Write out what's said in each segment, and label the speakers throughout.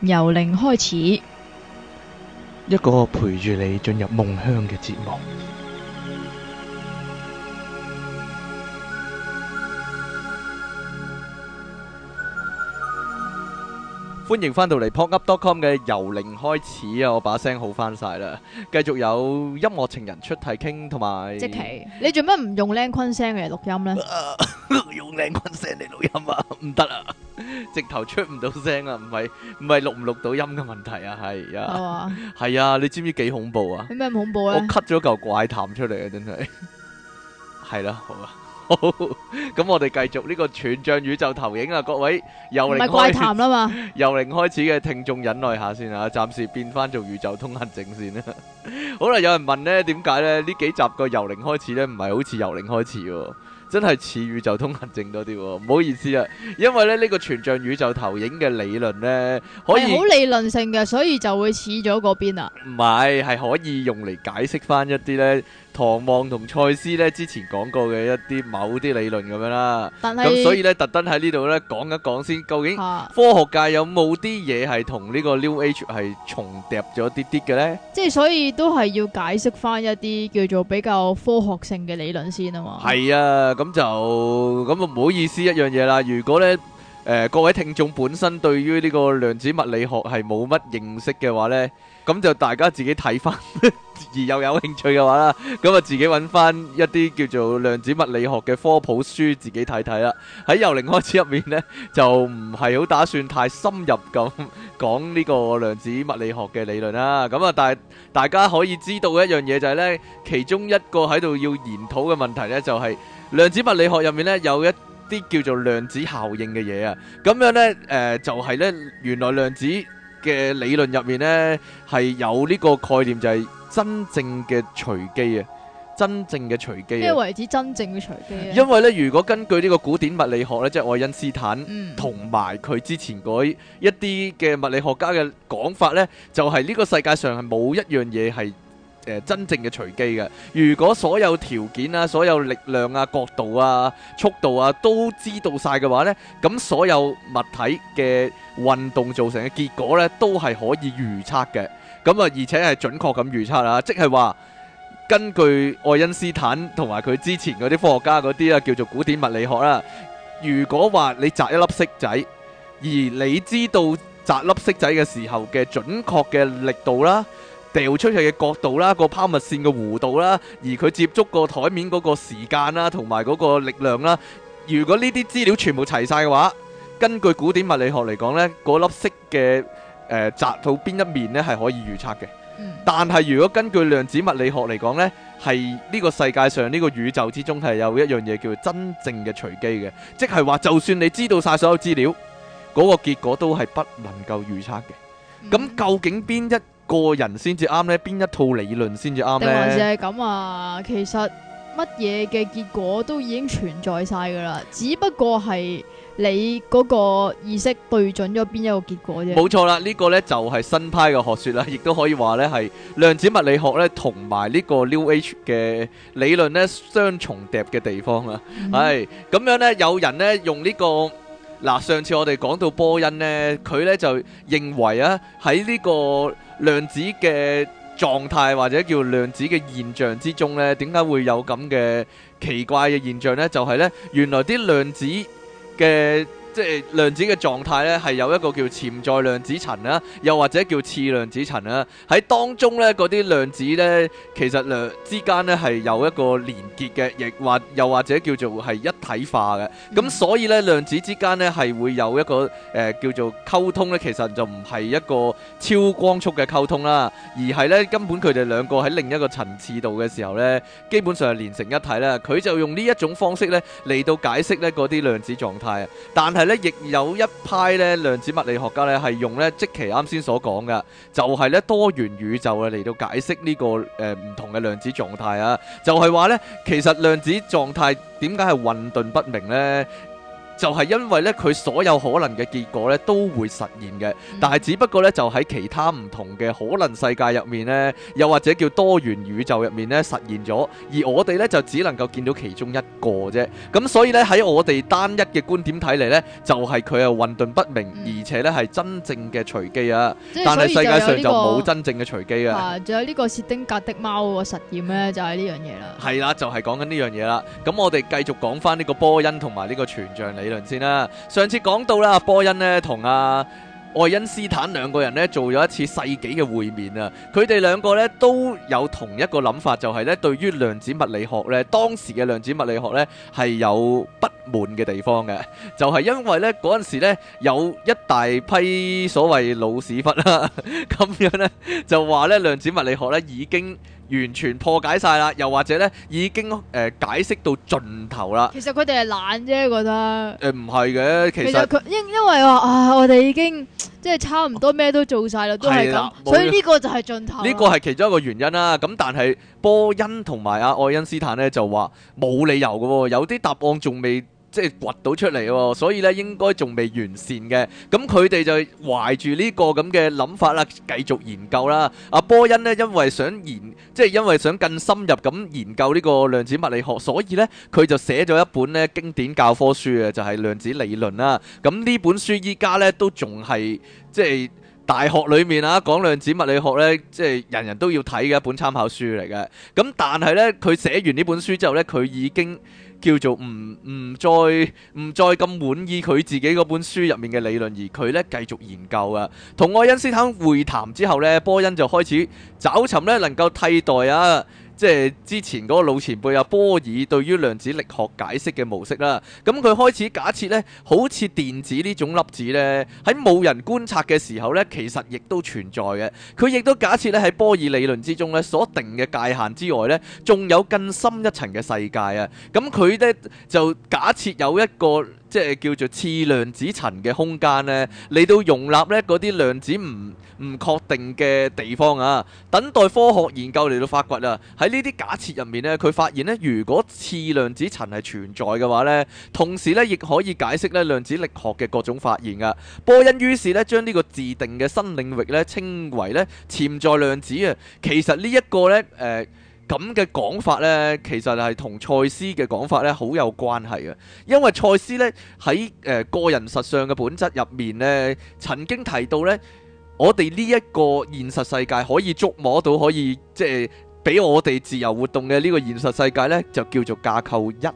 Speaker 1: 由零開始，
Speaker 2: 一個陪住你進入夢鄉嘅節目。歡迎返到嚟 PodUp.com 嘅由零開始啊！我把聲好翻晒啦，繼續有音樂情人出題傾同埋。即係，
Speaker 1: 你做乜唔用靚坤聲嚟錄音呢？
Speaker 2: 用靚坤聲嚟錄音啊，唔得啊！直頭出唔到聲啊，唔係唔係錄唔錄到音嘅問題啊，係啊，係啊，你知唔知幾恐怖啊？咩恐怖咧？我 cut 咗嚿怪談出嚟啊，真係係啦，好啊，好，咁我哋繼續呢個全像宇宙投影啊，各位由零怪談啦嘛，由零開始嘅聽眾忍耐下先啊，暫時變翻做宇宙通行證先啦。好啦，有人問咧，點解咧？呢幾集個由零開始咧，唔係好似由零開始喎。真係似宇宙通行證多啲喎，哦，唔好意思啊，因為咧呢、呢個全像宇宙投影嘅理論呢，可以好理
Speaker 1: 論性嘅，所以就會似咗嗰邊啊。
Speaker 2: 唔係，係可以用嚟解釋翻一啲呢。唐望同賽斯呢，之前講過嘅一啲某啲理論咁樣啦，但係，咁所以呢，特登喺呢度呢，講一講先，究竟科學界有冇啲嘢係同呢個 New Age 係重疊咗啲啲嘅呢？
Speaker 1: 即係所以都係要解釋返一啲叫做比較科學性嘅理論先啊嘛。
Speaker 2: 係啊，咁就咁就唔好意思一樣嘢啦。如果呢。誒各位聽眾本身對於呢個量子物理學係冇乜認識嘅話呢，咁就大家自己睇返，而又有興趣嘅話啦，咁就自己揾返一啲叫做量子物理學嘅科普書，自己睇睇啦。喺由零開始入面呢就唔係好打算太深入咁講呢個量子物理學嘅理論啦。咁啊但係大家可以知道嘅一樣嘢就係呢，其中一個喺度要研討嘅問題呢，就係量子物理學入面呢有一啲叫做量子效應嘅嘢啊，咁樣呢，誒、呃，就係、是、呢，原來量子嘅理論入面呢，係有呢個概念，就係真正嘅隨機啊，真正嘅隨機啊，咩
Speaker 1: 為之真正嘅隨機、啊、因為
Speaker 2: 呢，如果根據呢個古典物理學呢，即、就、係、是、愛因斯坦同埋佢之前嗰一啲嘅物理學家嘅講法呢，就係、是、呢個世界上係冇一樣嘢係。誒，真正嘅隨機嘅。如果所有條件啊、所有力量啊、角度啊、速度啊都知道晒嘅話呢，咁所有物體嘅運動造成嘅結果呢，都係可以預測嘅。咁啊，而且係準確咁預測啊，即係話根據愛因斯坦同埋佢之前嗰啲科學家嗰啲啊，叫做古典物理學啦。如果話你摘一粒骰仔，而你知道摘粒骰仔嘅時候嘅準確嘅力度啦。掉出去嘅角度啦，個拋物線嘅弧度啦，而佢接觸個台面嗰個時間啦，同埋嗰個力量啦。如果呢啲資料全部齊晒嘅話，根據古典物理學嚟講咧，嗰粒色嘅誒砸到邊一面咧係可以預測嘅。但係如果根據量子物理學嚟講咧，係呢個世界上呢個宇宙之中係有一樣嘢叫做真正嘅隨機嘅，即係話就算你知道晒所有資料，嗰個結果都係不能夠預測嘅。咁究竟邊一？個人先至啱呢？邊一套理論先至啱咧？定還是係
Speaker 1: 咁啊？其實乜嘢嘅結果都已經存在晒噶啦，只不過係你嗰個意識對準咗邊一個結果啫。冇錯啦，
Speaker 2: 呢個呢就係新派嘅學說啦，亦都可以話呢係量子物理學呢同埋呢個 New Age 嘅理論呢相重疊嘅地方啊。係咁 樣呢，有人呢用呢個。嗱，上次我哋講到波恩呢，佢呢就認為啊，喺呢個量子嘅狀態或者叫量子嘅現象之中呢，點解會有咁嘅奇怪嘅現象呢？就係呢，原來啲量子嘅。即係量子嘅狀態咧，係有一個叫潛在量子層啦，又或者叫次量子層啦。喺當中咧，嗰啲量子咧，其實量子之間咧係有一個連結嘅，亦或又或者叫做係一體化嘅。咁所以咧，量子之間咧係會有一個誒、呃、叫做溝通咧，其實就唔係一個超光速嘅溝通啦，而係咧根本佢哋兩個喺另一個層次度嘅時候咧，基本上係連成一體咧。佢就用呢一種方式咧嚟到解釋咧啲量子狀態啊，但係。亦有一派咧量子物理學家咧係用咧即其啱先所講嘅，就係、是、咧多元宇宙啊嚟到解釋呢、這個誒唔、呃、同嘅量子狀態啊，就係話咧其實量子狀態點解係混沌不明呢？就係因為咧，佢所有可能嘅結果咧都會實現嘅，但係只不過咧就喺其他唔同嘅可能世界入面咧，又或者叫多元宇宙入面咧實現咗，而我哋咧就只能夠見到其中一個啫。咁所以咧喺我哋單一嘅觀點睇嚟咧，就係佢係混沌不明，嗯、而且咧係真正嘅隨機啊。嗯、但係世界上就冇真正嘅隨機啊。
Speaker 1: 仲有呢、呢個薛、啊、丁格的貓個實驗咧，就係呢樣嘢啦。
Speaker 2: 係啦，就係講緊呢樣嘢啦。咁我哋繼續講翻呢個波恩同埋呢個全像嚟。理論先啦，上次講到啦，波恩咧同阿愛因斯坦兩個人咧做咗一次世紀嘅會面啊，佢哋兩個咧都有同一個諗法，就係咧對於量子物理學咧，當時嘅量子物理學咧係有不滿嘅地方嘅，就係因為咧嗰陣時咧有一大批所謂老屎忽啦，咁樣咧就話咧量子物理學咧已經。完全破解晒啦，又或者咧已經誒、呃、解釋到盡頭啦、呃。其
Speaker 1: 實佢哋係懶啫，覺得。
Speaker 2: 誒唔係嘅，其實佢
Speaker 1: 因因為話啊，我哋已經即係、就是、差唔多咩都做晒啦，都係咁。啊、所以呢個就係盡頭。呢
Speaker 2: 個係其中一個原因啦。咁但係波恩同埋啊愛因斯坦咧就話冇理由㗎喎，有啲答案仲未。即係掘到出嚟喎，所以咧，應該仲未完善嘅。咁佢哋就懷住呢個咁嘅諗法啦，繼續研究啦。阿波恩咧，因為想研，即係因為想更深入咁研究呢個量子物理學，所以咧佢就寫咗一本咧經典教科書嘅，就係量子理論啦。咁呢本書依家咧都仲係即係大學裏面啊講量子物理學咧，即係人人都要睇嘅一本參考書嚟嘅。咁但係咧佢寫完呢本書之後咧，佢已經。叫做唔唔再唔再咁滿意佢自己嗰本書入面嘅理論，而佢呢，繼續研究啊。同愛因斯坦會談之後呢，波恩就開始找尋呢，能夠替代啊。即係之前嗰個老前輩阿波爾對於量子力學解釋嘅模式啦，咁佢開始假設呢，好似電子呢種粒子呢，喺冇人觀察嘅時候呢，其實亦都存在嘅。佢亦都假設呢，喺波爾理論之中呢，所定嘅界限之外呢，仲有更深一層嘅世界啊！咁佢呢，就假設有一個。即係叫做次量子層嘅空間呢，嚟到容納呢，嗰啲量子唔唔確定嘅地方啊，等待科學研究嚟到發掘啊。喺呢啲假設入面呢，佢發現呢，如果次量子層係存在嘅話呢，同時呢亦可以解釋呢量子力學嘅各種發現啊。波恩於是呢將呢個自定嘅新領域呢稱為呢潛在量子啊。其實呢一個呢。誒、呃。咁嘅講法呢，其實係同賽斯嘅講法呢好有關係嘅，因為賽斯呢喺誒、呃、個人實相嘅本質入面呢，曾經提到呢：「我哋呢一個現實世界可以觸摸到，可以即係俾我哋自由活動嘅呢個現實世界呢，就叫做架構一。」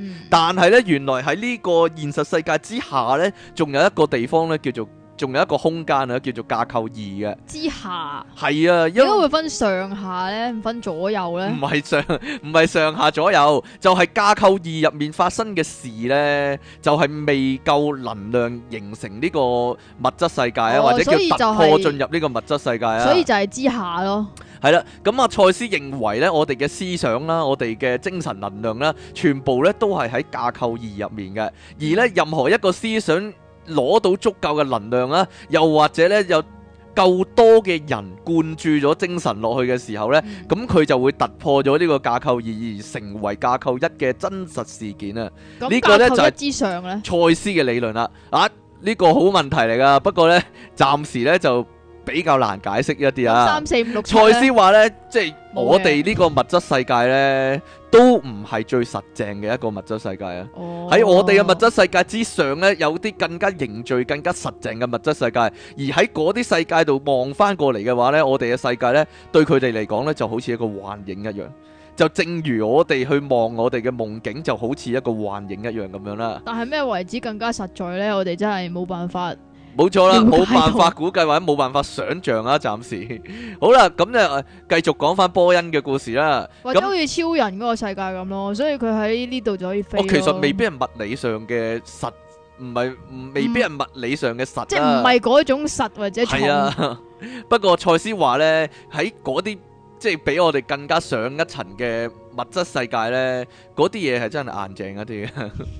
Speaker 2: 嗯、但係呢，原來喺呢個現實世界之下呢，仲有一個地方呢叫做。仲有一個空間啊，叫做架構二嘅
Speaker 1: 之下，
Speaker 2: 係啊，點解
Speaker 1: 會分上下咧？唔分左右咧？唔
Speaker 2: 係上，唔係上下左右，就係架構二入面發生嘅事咧，就係未夠能量形成呢個物質世界啊，或者叫突破進入呢個物質世界啊。所以
Speaker 1: 就係之下咯。
Speaker 2: 係啦，咁阿賽斯認為咧，我哋嘅思想啦，我哋嘅精神能量啦，全部咧都係喺架構二入面嘅，而咧任何一個思想。攞到足夠嘅能量啦，又或者呢有夠多嘅人灌注咗精神落去嘅時候呢，咁佢、嗯、就會突破咗呢個架構二，而成為架構一嘅真實事件啊！呢、嗯、個呢就係之上呢，賽斯嘅理論啦。啊，呢、這個好問題嚟㗎，不過呢，暫時呢就比較難解釋一啲啊。三四五六，賽斯話呢，即係我哋呢個物質世界呢。 都唔係最實淨嘅一個物質世界啊！喺、oh. 我哋嘅物質世界之上咧，有啲更加凝聚、更加實淨嘅物質世界，而喺嗰啲世界度望翻過嚟嘅話呢，我哋嘅世界咧，對佢哋嚟講咧，就好似一個幻影一樣，就正如我哋去望我哋嘅夢境就好似一個幻影一樣咁樣啦。
Speaker 1: 但係咩為止更加實在呢？我哋真係冇辦法。
Speaker 2: 冇錯啦，冇辦法估計或者冇辦法想象啊！暫時 好啦，咁就繼續講翻波恩嘅故事啦。或者好似
Speaker 1: 超人個世界咁咯，那所以佢喺呢度就可以飛、啊哦。其實未必
Speaker 2: 係物理上嘅實，唔係未必係物理上嘅實、啊嗯。即係唔係
Speaker 1: 嗰種實或者重。係啊，
Speaker 2: 不過蔡思華咧喺嗰啲。即係比我哋更加上一層嘅物質世界呢，嗰啲嘢係真係硬淨一啲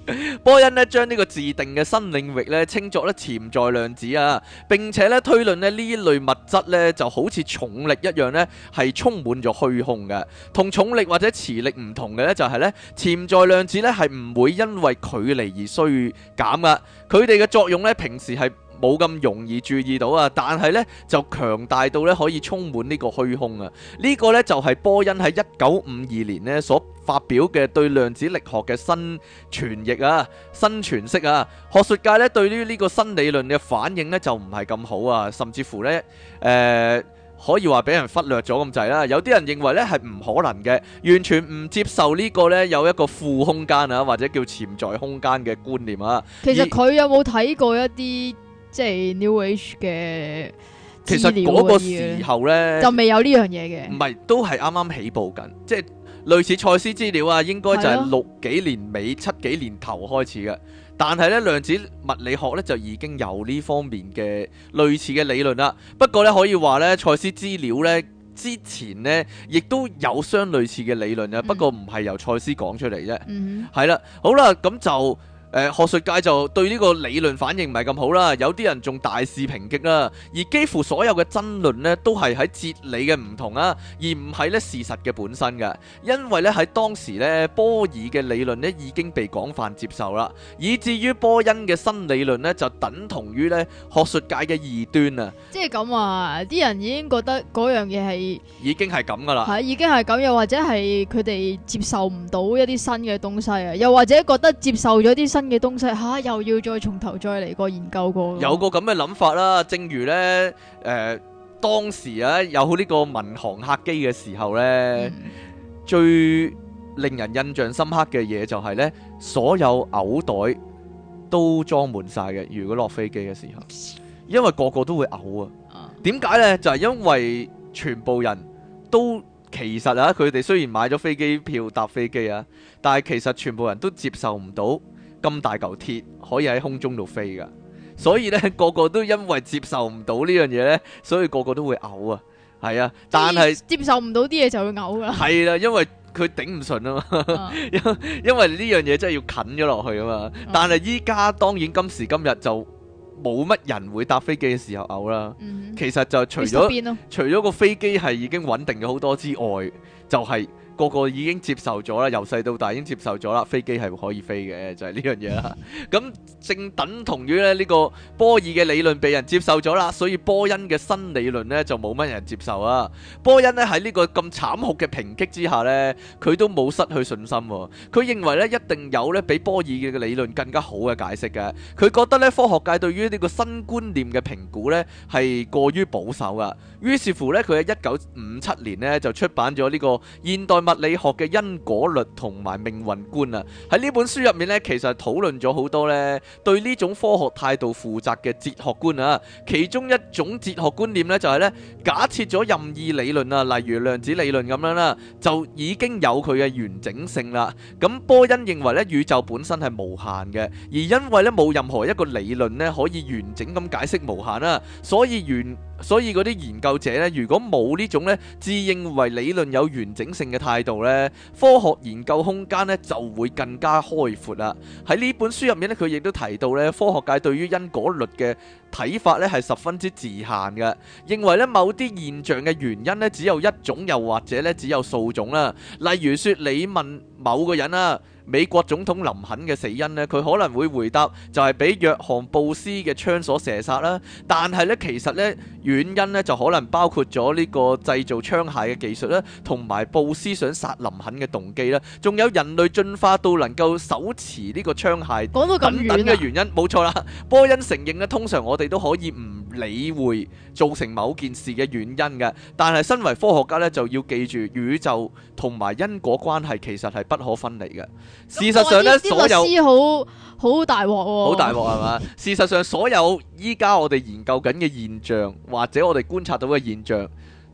Speaker 2: 嘅。波恩咧將呢個自定嘅新領域咧稱作咧潛在量子啊，並且咧推論咧呢一類物質呢就好似重力一樣呢係充滿咗虛空嘅。同重力或者磁力唔同嘅呢，就係、是、呢潛在量子呢係唔會因為距離而衰減㗎。佢哋嘅作用呢，平時係。冇咁容易注意到啊，但係咧就強大到咧可以充滿、這個、呢個虛空啊！就是、呢個咧就係波恩喺一九五二年咧所發表嘅對量子力學嘅新傳譯啊、新詮釋啊！學術界咧對於呢個新理論嘅反應咧就唔係咁好啊，甚至乎咧誒、呃、可以話俾人忽略咗咁滯啦。有啲人認為咧係唔可能嘅，完全唔接受個呢個咧有一個負空間啊，或者叫潛在空間嘅觀念啊。其實
Speaker 1: 佢有冇睇過一啲？即係 New Age 嘅資料
Speaker 2: 其實嗰個時候呢，就未有呢樣嘢嘅。唔係，都係啱啱起步緊，即係類似賽斯資料啊，應該就係六幾年尾、七幾年頭開始嘅。但係呢，量子物理學呢，就已經有呢方面嘅類似嘅理論啦。不過呢，可以話呢，賽斯資料呢，之前呢，亦都有相類似嘅理論啊。嗯、不過唔係由賽斯講出嚟啫。嗯哼，係啦，好啦，咁就。誒學術界就對呢個理論反應唔係咁好啦，有啲人仲大肆抨擊啦，而幾乎所有嘅爭論呢都係喺哲理嘅唔同啊，而唔係呢事實嘅本身嘅，因為呢，喺當時呢，波爾嘅理論呢已經被廣泛接受啦，以至於波恩嘅新理論呢，就等同於呢學術界嘅異端啊。
Speaker 1: 即係咁啊，啲人已經覺得嗰樣嘢係
Speaker 2: 已經係咁噶啦，
Speaker 1: 已經係咁，又或者係佢哋接受唔到一啲新嘅東西啊，又或者覺得接受咗啲新嘅東西吓，又要再從頭再嚟過研究過。有
Speaker 2: 個咁嘅諗法啦，正如呢，誒、呃、當時啊有呢個民航客機嘅時候呢，嗯、最令人印象深刻嘅嘢就係呢：所有嘔袋都裝滿晒嘅，如果落飛機嘅時候，因為個個都會嘔啊。點解、啊、呢？就係、是、因為全部人都其實啊，佢哋雖然買咗飛機票搭飛機啊，但係其實全部人都接受唔到。咁大嚿鐵可以喺空中度飛噶，所以咧個個都因為接受唔到呢樣嘢咧，所以個個都會嘔啊。係啊，但係是
Speaker 1: 接受唔到啲嘢就會嘔噶。係
Speaker 2: 啦、啊，因為佢頂唔順啊嘛。因、啊、因為呢樣嘢真係要近咗落去啊嘛。但係依家當然今時今日就冇乜人會搭飛機嘅時候嘔啦。嗯、哼其實就除咗除咗個飛機係已經穩定咗好多之外，就係、是。個個已經接受咗啦，由細到大已經接受咗啦。飛機係可以飛嘅，就係呢樣嘢啦。咁正等同於咧呢個波爾嘅理論被人接受咗啦，所以波恩嘅新理論呢，就冇乜人接受啊。波恩呢喺呢個咁慘酷嘅抨擊之下呢，佢都冇失去信心。佢認為呢，一定有呢比波爾嘅理論更加好嘅解釋嘅。佢覺得呢科學界對於呢個新觀念嘅評估呢，係過於保守啊。於是乎呢，佢喺一九五七年呢，就出版咗呢個現代物理學嘅因果律同埋命運觀啊，喺呢本書入面咧，其實討論咗好多咧，對呢種科學態度負責嘅哲學觀啊，其中一種哲學觀念咧就係咧，假設咗任意理論啊，例如量子理論咁樣啦，就已經有佢嘅完整性啦。咁波恩認為咧，宇宙本身係無限嘅，而因為咧冇任何一個理論咧可以完整咁解釋無限啦，所以完。所以嗰啲研究者咧，如果冇呢種咧，自認為理論有完整性嘅態度咧，科學研究空間咧就會更加開闊啦。喺呢本書入面咧，佢亦都提到咧，科學界對於因果律嘅睇法咧係十分之自限嘅，認為咧某啲現象嘅原因咧只有一種，又或者咧只有數種啦。例如說，你問某個人啊，美國總統林肯嘅死因呢，佢可能會回答就係俾約翰布斯嘅槍所射殺啦。但係呢，其實呢原因呢，就可能包括咗呢個製造槍械嘅技術啦，同埋布斯想殺林肯嘅動機啦，仲有人類進化到能夠手持呢個槍械等等嘅原因。冇、啊、錯啦，波恩承認呢，通常我哋都可以唔理會造成某件事嘅原因嘅。但係身為科學家呢，就要記住宇宙同埋因果關係其實係不可分離嘅。事實上咧，所有
Speaker 1: 好好大鑊好大鑊係嘛？
Speaker 2: 事實上，所有依家我哋研究緊嘅現象，或者我哋觀察到嘅現象。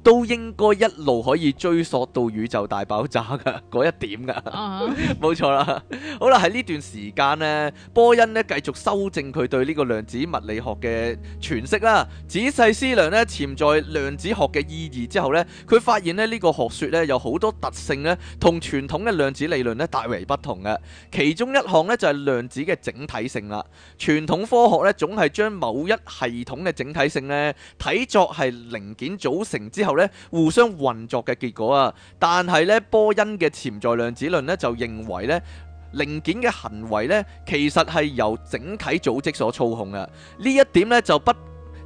Speaker 2: 都應該一路可以追溯到宇宙大爆炸嘅嗰一點㗎，冇錯啦。好啦，喺呢段時間咧，波恩咧繼續修正佢對呢個量子物理學嘅詮釋啦。仔細思量咧，潛在量子學嘅意義之後咧，佢發現咧，呢個學說咧有好多特性咧，同傳統嘅量子理論咧大為不同嘅。其中一項咧就係量子嘅整體性啦。傳統科學咧總係將某一系統嘅整體性咧睇作係零件組成之後，互相運作嘅結果啊，但係咧，波恩嘅潛在量子論咧就認為咧，零件嘅行為咧其實係由整體組織所操控啊，呢一點咧就不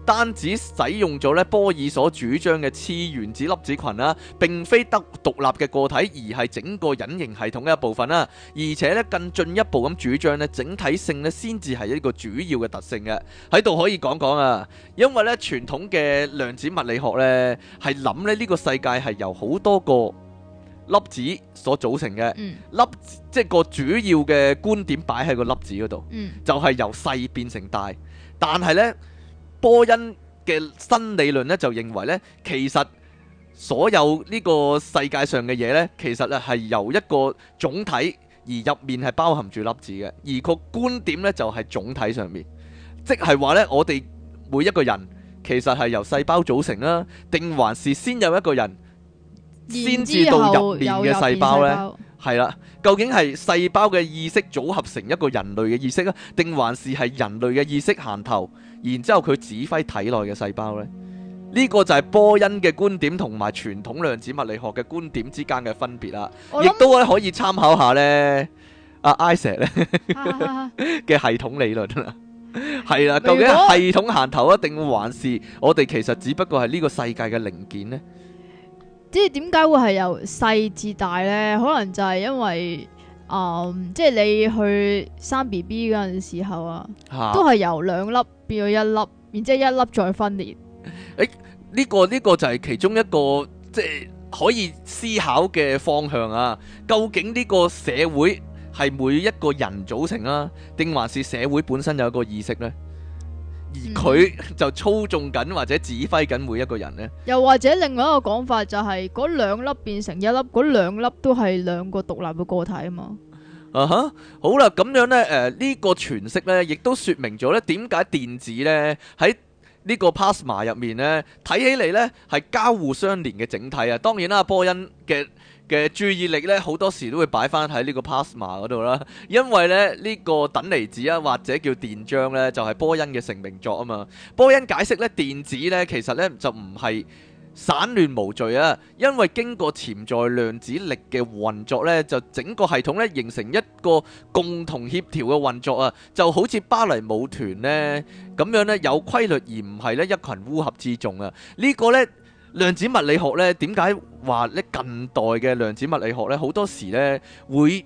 Speaker 2: 單止使用咗咧波爾所主張嘅次原子粒子群啦，並非得獨立嘅個體，而係整個隱形系統嘅一部分啦。而且咧更進一步咁主張咧整體性咧先至係一個主要嘅特性嘅。喺度可以講講啊，因為咧傳統嘅量子物理學咧係諗咧呢個世界係由好多個粒子所組成嘅，嗯、粒子即係個主要嘅觀點擺喺個粒子嗰度，嗯、就係由細變成大。但係咧。波恩嘅新理論咧就認為咧，其實所有呢個世界上嘅嘢咧，其實咧係由一個總體而入面係包含住粒子嘅，而個觀點咧就係、是、總體上面，即係話咧，我哋每一個人其實係由細胞組成啦、啊，定還是先有一個人先至到入面嘅細胞呢？係啦，究竟係細胞嘅意識組合成一個人類嘅意識啊，定還是係人類嘅意識行頭，然之後佢指揮體內嘅細胞咧？呢、呢個就係波恩嘅觀點同埋傳統量子物理學嘅觀點之間嘅分別啦。亦都想可以參考下呢，阿 Isa 咧嘅系統理論啦。係啦，究竟系統行頭啊，定還是我哋其實只不過係呢個世界嘅零件呢？
Speaker 1: 即係點解會係由細至大呢？可能就係因為，嗯，即係你去生 B B 嗰陣時候啊，啊都係由兩粒變咗一粒，然之後一粒再分
Speaker 2: 裂。誒、欸，呢、這個呢、這個就係其中一個即係可以思考嘅方向啊！究竟呢個社會係每一個人組成啊，定還是社會本身有一個意識呢？而佢就操縱緊或者指揮緊每一個人咧，
Speaker 1: 又或者另外一個講法就係嗰兩粒變成一粒，嗰兩粒都係兩個獨立嘅個體啊嘛。
Speaker 2: 啊哈，好啦，咁樣咧，誒，呢個詮釋咧，亦都說明咗咧，點解電子咧喺呢個 plasma 入面咧，睇起嚟咧係交互相連嘅整體啊。當然啦，波恩嘅。嘅注意力咧，好多時都會擺翻喺呢個 plasma 嗰度啦，因為咧呢個等離子啊，或者叫電漿呢，就係波恩嘅成名作啊嘛。波恩解釋呢，電子呢，其實呢，就唔係散亂無序啊，因為經過潛在量子力嘅運作呢，就整個系統呢，形成一個共同協調嘅運作啊，就好似芭蕾舞團呢，咁樣呢，有規律而唔係呢一群烏合之眾啊。呢個呢。量子物理學呢，點解話呢近代嘅量子物理學呢，好多時呢會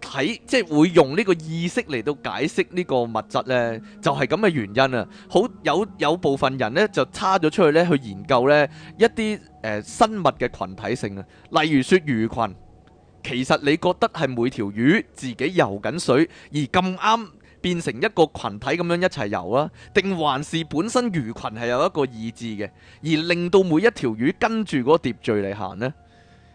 Speaker 2: 睇，即係會用呢個意識嚟到解釋呢個物質呢，就係咁嘅原因啊！好有有部分人呢就差咗出去呢去研究呢一啲誒生物嘅羣體性啊，例如説魚羣，其實你覺得係每條魚自己游緊水而咁啱。變成一個羣體咁樣一齊游啦，定還是本身魚羣係有一個意志嘅，而令到每一條魚跟住嗰個秩序嚟行呢？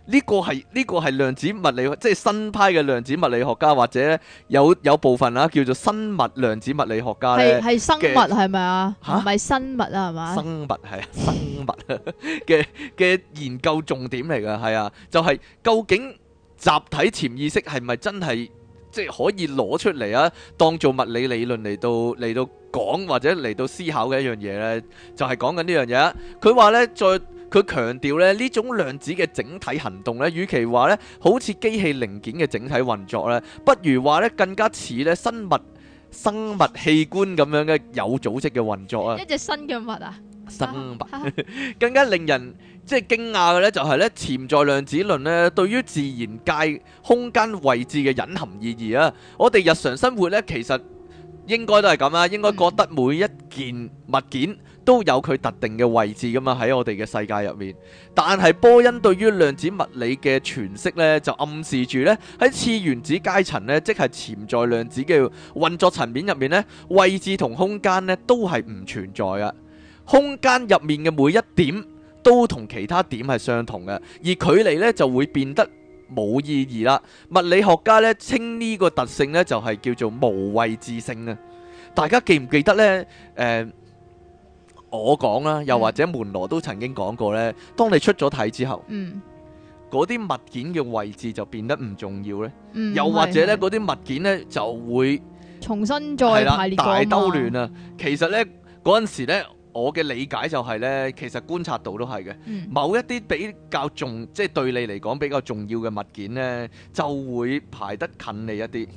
Speaker 2: 呢個係呢個係量子物理，即係新派嘅量子物理學家，或者有有部分啊叫做生物量子物理學家咧。係係生物係
Speaker 1: 咪啊？嚇，唔係生物啊係嘛？生
Speaker 2: 物係生物嘅嘅研究重點嚟㗎，係啊，就係究竟集體潛意識係咪真係？即係可以攞出嚟啊，當做物理理論嚟到嚟到講或者嚟到思考嘅一樣嘢咧，就係講緊呢樣嘢。佢話咧，再佢強調咧，呢種量子嘅整體行動咧，與其話咧好似機器零件嘅整體運作咧，不如話咧更加似咧生物生物器官咁樣嘅有組織嘅運作啊！
Speaker 1: 一隻新嘅物啊！
Speaker 2: 生物更加令人即係驚訝嘅呢，就係呢潛在量子論咧，對於自然界空間位置嘅隱含意義啊！我哋日常生活呢，其實應該都係咁啊。應該覺得每一件物件都有佢特定嘅位置噶嘛，喺我哋嘅世界入面。但係波恩對於量子物理嘅詮釋呢，就暗示住呢，喺次原子階層呢，即係潛在量子嘅運作層面入面呢，位置同空間呢，都係唔存在啊！空間入面嘅每一點都同其他點係相同嘅，而距離咧就會變得冇意義啦。物理學家咧稱呢個特性咧就係叫做無位置性啊！大家記唔記得咧？誒，我講啦，又或者門羅都曾經講過咧，當你出咗體之後，嗯，嗰啲物件嘅位置就變得唔重要咧，嗯，又或者咧嗰啲物件咧就會
Speaker 1: 重新再排列大兜亂
Speaker 2: 啊！其實咧嗰陣時咧。我嘅理解就係咧，其實觀察到都係嘅，嗯，某一啲比較重，即係對你嚟講比較重要嘅物件咧，就會排得近你一啲；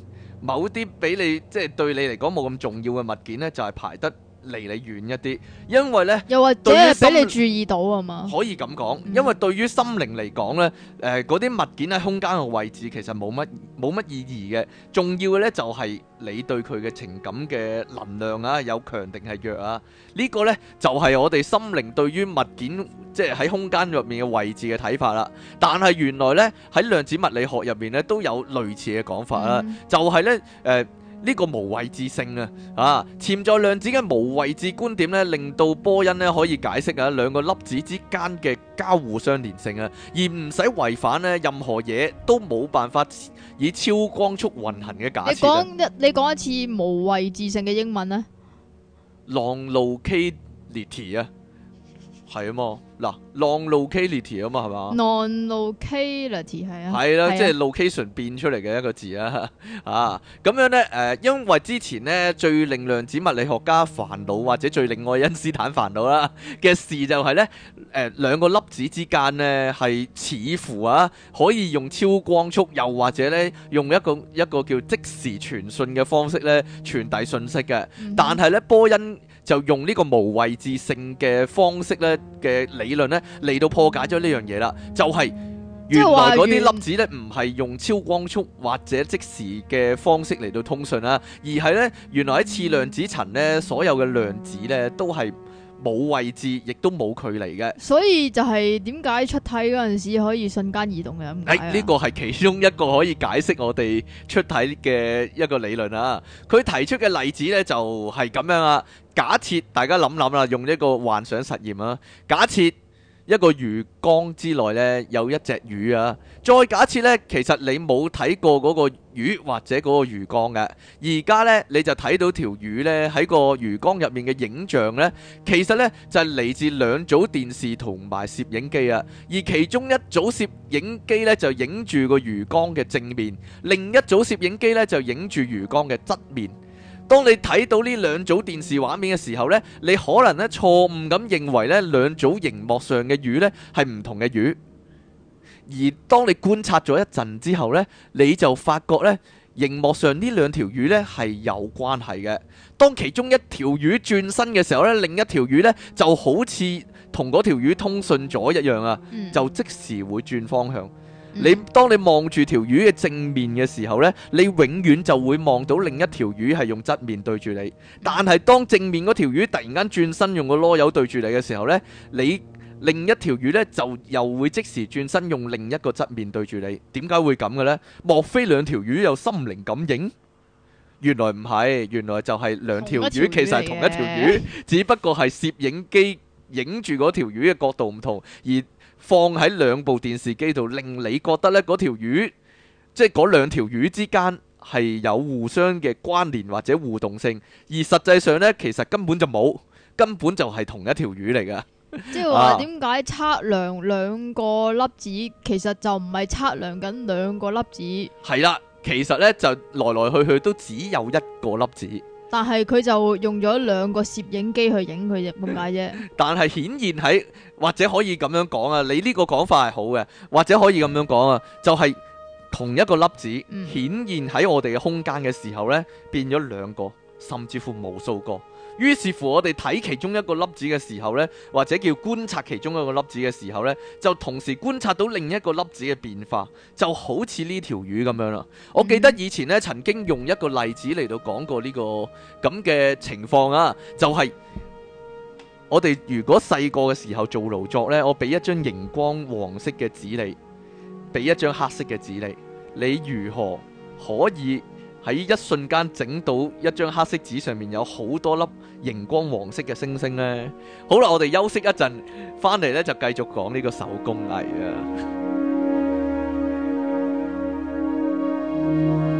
Speaker 2: 某啲俾你即係對你嚟講冇咁重要嘅物件咧，就係排得，離你遠一啲，因為呢，又或者係俾你
Speaker 1: 注意到啊嘛，
Speaker 2: 可以咁講，因為對於心靈嚟講呢誒，嗰、呃、啲物件喺空間嘅位置其實冇乜冇乜意義嘅，重要嘅呢，就係你對佢嘅情感嘅能量啊，有強定係弱啊，呢、呢個呢，就係、是、我哋心靈對於物件即係喺空間入面嘅位置嘅睇法啦。但係原來呢，喺量子物理學入面呢，都有類似嘅講法啦、啊，嗯、就係呢。誒、呃。呢個無位置性啊，啊，潛在量子嘅無位置觀點咧，令到波恩呢可以解釋啊兩個粒子之間嘅交互相連性啊，而唔使違反咧任何嘢都冇辦法以超光速運行嘅假設、啊。你講
Speaker 1: 一，你講一次無位置性嘅英文咧？
Speaker 2: non-locality 啊。係啊嘛，嗱，non locality 啊嘛，係嘛
Speaker 1: non locality 係啊，係啦、啊，即係、啊、
Speaker 2: location 變出嚟嘅一個字 啊，啊，咁樣咧，誒，因為之前咧最令量子物理學家煩惱，或者最令愛因斯坦煩惱啦嘅事就係咧，誒、呃，兩個粒子之間咧係似乎啊可以用超光速，又或者咧用一個一個叫即時傳訊嘅方式咧傳遞信息嘅，嗯、哼但係咧波恩。就用呢個無位置性嘅方式咧嘅理論咧嚟到破解咗呢樣嘢啦，就係、是、原來嗰啲粒子咧唔係用超光速或者即時嘅方式嚟到通訊啦，而係咧原來喺次量子層咧所有嘅量子咧都係。冇位置，亦都冇距離嘅，
Speaker 1: 所以就係點解出體嗰陣時可以瞬間移動嘅？誒，呢
Speaker 2: 個係其中一個可以解釋我哋出體嘅一個理論啊。佢提出嘅例子呢，就係咁樣啊：假設大家諗諗啦，用一個幻想實驗啊，假設一個魚缸之內呢，有一隻魚啊。再假設呢，其實你冇睇過嗰個魚或者嗰個魚缸嘅，而家呢你就睇到條魚呢喺個魚缸入面嘅影像呢，其實呢就係嚟自兩組電視同埋攝影機啊。而其中一組攝影機呢就影住個魚缸嘅正面，另一組攝影機呢就影住魚缸嘅側面。當你睇到呢兩組電視畫面嘅時候呢，你可能呢錯誤咁認為呢兩組熒幕上嘅魚呢係唔同嘅魚。而當你觀察咗一陣之後呢，你就發覺呢螢幕上呢兩條魚呢係有關係嘅。當其中一條魚轉身嘅時候呢，另一條魚呢就好似同嗰條魚通訊咗一樣啊，就即時會轉方向。你當你望住條魚嘅正面嘅時候呢，你永遠就會望到另一條魚係用側面對住你。但係當正面嗰條魚突然間轉身用個籮柚對住你嘅時候呢，你另一條魚呢，就又會即時轉身，用另一個側面對住你。點解會咁嘅呢？莫非兩條魚有心靈感應？原來唔係，原來就係兩條魚其實係同一條魚，只不過係攝影機影住嗰條魚嘅角度唔同，而放喺兩部電視機度，令你覺得呢嗰條魚，即係嗰兩條魚之間係有互相嘅關聯或者互動性，而實際上呢，其實根本就冇，根本就係同一條魚嚟嘅。即係話點
Speaker 1: 解測量兩個粒子，啊、其實就唔係測量緊兩個粒子。
Speaker 2: 係啦，其實呢就來來去去都只有一個粒子。
Speaker 1: 但係佢就用咗兩個攝影機去影佢，點解啫？
Speaker 2: 但係顯現喺，或者可以咁樣講啊，你呢個講法係好嘅，或者可以咁樣講啊，就係、是、同一個粒子顯現喺我哋嘅空間嘅時候呢，嗯、變咗兩個，甚至乎無數個。於是乎，我哋睇其中一個粒子嘅時候呢，或者叫觀察其中一個粒子嘅時候呢，就同時觀察到另一個粒子嘅變化，就好似呢條魚咁樣啦。我記得以前呢，曾經用一個例子嚟到講過呢、呢個咁嘅情況啊，就係、係、我哋如果細個嘅時候做勞作呢，我俾一張熒光黃色嘅紙你，俾一張黑色嘅紙你，你如何可以？喺一瞬間整到一張黑色紙上面有好多粒熒光黃色嘅星星呢？好啦，我哋休息一陣，翻嚟呢，就繼續講呢個手工藝啊。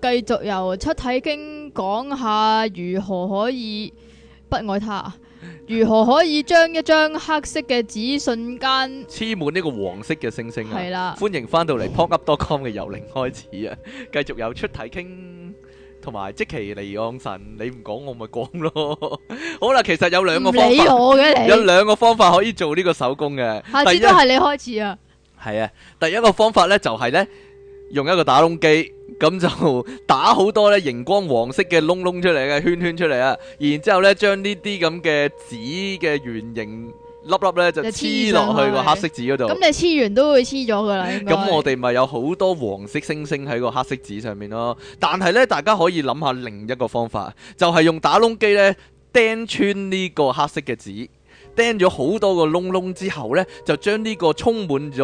Speaker 1: 繼續由出體經講下如何可以不愛他，如何可以將一張黑色嘅紙瞬間
Speaker 2: 黐滿呢個黃色嘅星星啊！係啦，歡迎翻到嚟 pokup.com 嘅由零開始啊！繼續由出體經同埋即其尼盎離岸神，你唔講我咪講咯。 好啦、啊，其實有兩個方法，啊、有兩個方法可以做呢個手工嘅。下次都係你開始啊，係啊，第一個方法呢就係、是、呢，用一個打窿機。咁就打好多咧熒光黃色嘅窿窿出嚟嘅圈圈出嚟啊！然之後咧將呢啲咁嘅紙嘅圓形粒粒咧就黐落去個黑色紙嗰度。咁、
Speaker 1: 嗯嗯、你黐完都會黐咗噶
Speaker 2: 啦。咁 我哋咪有好多黃色星星喺個黑色紙上面咯。但係咧，大家可以諗下另一個方法，就係、是、用打窿機咧釘穿呢個黑色嘅紙。掟咗好多個窿窿之後呢，就將呢個充滿咗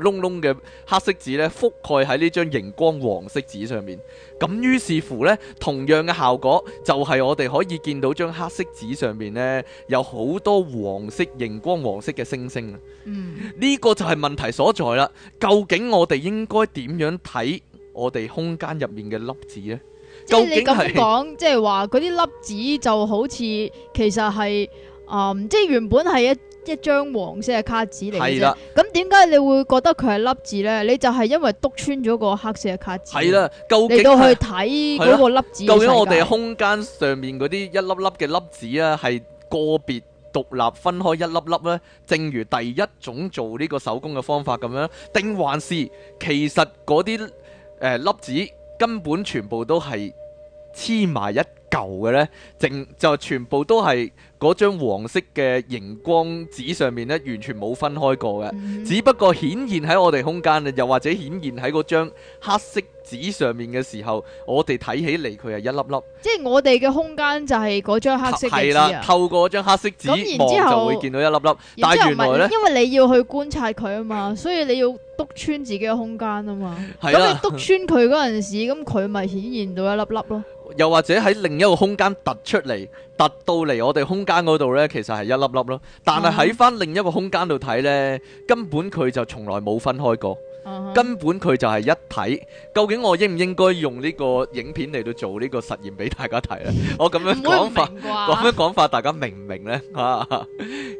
Speaker 2: 窿窿嘅黑色紙呢，覆蓋喺呢張熒光黃色紙上面。咁於是乎呢，同樣嘅效果就係我哋可以見到張黑色紙上面呢，有好多黃色熒光黃色嘅星星啊。嗯，呢個就係問題所在啦。究竟我哋應該點樣睇我哋空間入面嘅粒子呢？究竟？即係你咁講，
Speaker 1: 即係話嗰啲粒子就好似其實係。啊、嗯！即係原本係一一張黃色嘅卡紙嚟，係啦，咁點解你會覺得佢係粒子呢？你就係因為篤穿咗個黑色嘅卡紙。係啦，究竟去睇嗰個粒子？究竟我哋空
Speaker 2: 間上面嗰啲一粒粒嘅粒子啊，係個別獨立分開一粒粒呢？正如第一種做呢個手工嘅方法咁樣，定還是其實嗰啲誒粒子根本全部都係黐埋一？嘅咧，淨就全部都係嗰張黃色嘅熒光紙上面咧，完全冇分開過嘅。嗯、只不過顯現喺我哋空間咧，又或者顯現喺嗰張黑色紙上面嘅時候，我哋睇起嚟佢係一粒粒。
Speaker 1: 即係我哋嘅空間就係嗰張黑色紙。係啦，透
Speaker 2: 過張黑色紙然之後，就會見到一粒粒。然後然後但係原來咧，因
Speaker 1: 為你要去觀察佢啊嘛，所以你要督穿自己嘅空間啊嘛。咁對了 你督穿佢嗰陣時，咁佢咪顯現到一粒粒咯。
Speaker 2: 又或者喺另一個空間突出嚟，突出嚟我哋空間嗰度咧，其實係一粒粒咯。但係喺返另一個空間度睇呢，根本佢就從來冇分開過。根本佢就係一體，究竟我應唔應該用呢個影片嚟到做呢個實驗俾大家睇呢？ 我咁樣講法，咁樣講法，大家明唔明呢？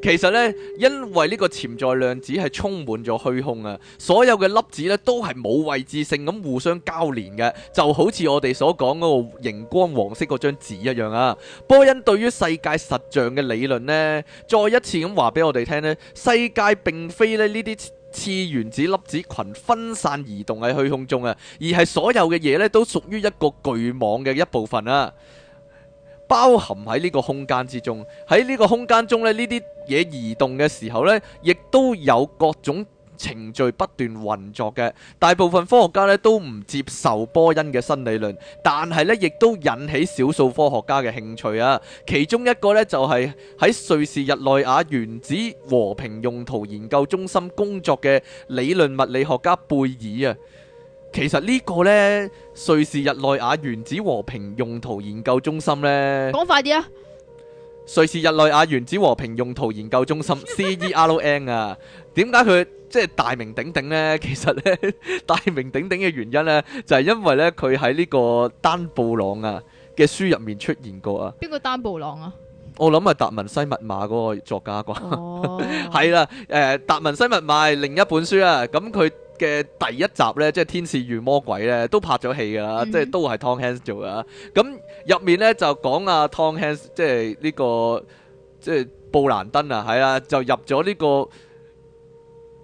Speaker 2: 其實呢，因為呢個潛在量子係充滿咗虛空啊，所有嘅粒子呢都係冇位置性咁互相交連嘅，就好似我哋所講嗰個熒光黃色嗰張紙一樣啊。波恩對於世界實像嘅理論呢，再一次咁話俾我哋聽呢：世界並非咧呢啲。次原子粒子群分散移動喺虛空中啊，而係所有嘅嘢呢都屬於一個巨網嘅一部分呀，包含喺呢個空間之中。喺呢個空間中呢，呢啲嘢移動嘅時候呢，亦都有各種程序不斷運作嘅，大部分科學家呢都唔接受波恩嘅新理論，但係呢亦都引起少數科學家嘅興趣啊。其中一個呢就係喺瑞士日內瓦原子和平用途研究中心工作嘅理論物理學家貝爾啊。其實呢個呢，瑞士日內瓦原子和平用途研究中心呢，講快啲啊！瑞士日內瓦原子和平用途研究中心 （CERN） 啊。點解佢即係大名鼎鼎咧？其實咧，大名鼎鼎嘅原因咧，就係因為咧佢喺呢個丹布朗啊嘅書入面出現過啊。
Speaker 1: 邊個丹布朗啊？
Speaker 2: 我諗係達文西密碼嗰個作家啩。哦，係啦，誒，達文西密碼另一本書啊，咁佢嘅第一集咧，即係天使與魔鬼咧，都拍咗戲噶啦，即係都係 Tom Hanks 做噶。咁入面咧就講阿 Tom Hanks，即係呢個即係布蘭登啊，係啊，就入咗呢個。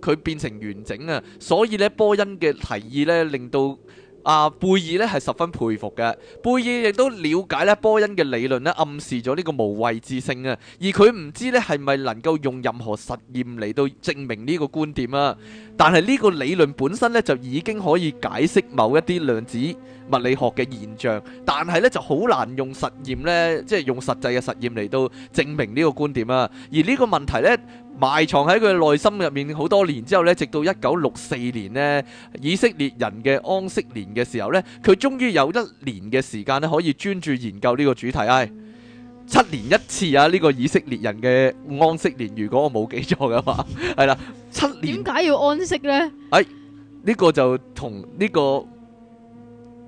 Speaker 2: 佢變成完整啊！所以咧，波恩嘅提議咧，令到阿貝爾咧係十分佩服嘅。貝爾亦都瞭解咧波恩嘅理論咧，暗示咗呢個無位置性啊。而佢唔知咧係咪能夠用任何實驗嚟到證明呢個觀點啊？但係呢個理論本身咧就已經可以解釋某一啲量子物理學嘅現象，但係咧就好難用實驗咧，即係用實際嘅實驗嚟到證明呢個觀點啊。而呢個問題咧，埋藏喺佢內心入面好多年之後呢，直到一九六四年呢，以色列人嘅安息年嘅時候呢，佢終於有一年嘅時間呢，可以專注研究呢個主題。係、哎、七年一次啊！呢個以色列人嘅安息年，如果我冇記錯嘅話，係啦， 七年。
Speaker 1: 點解要安息呢？誒、
Speaker 2: 哎，呢個就同呢個，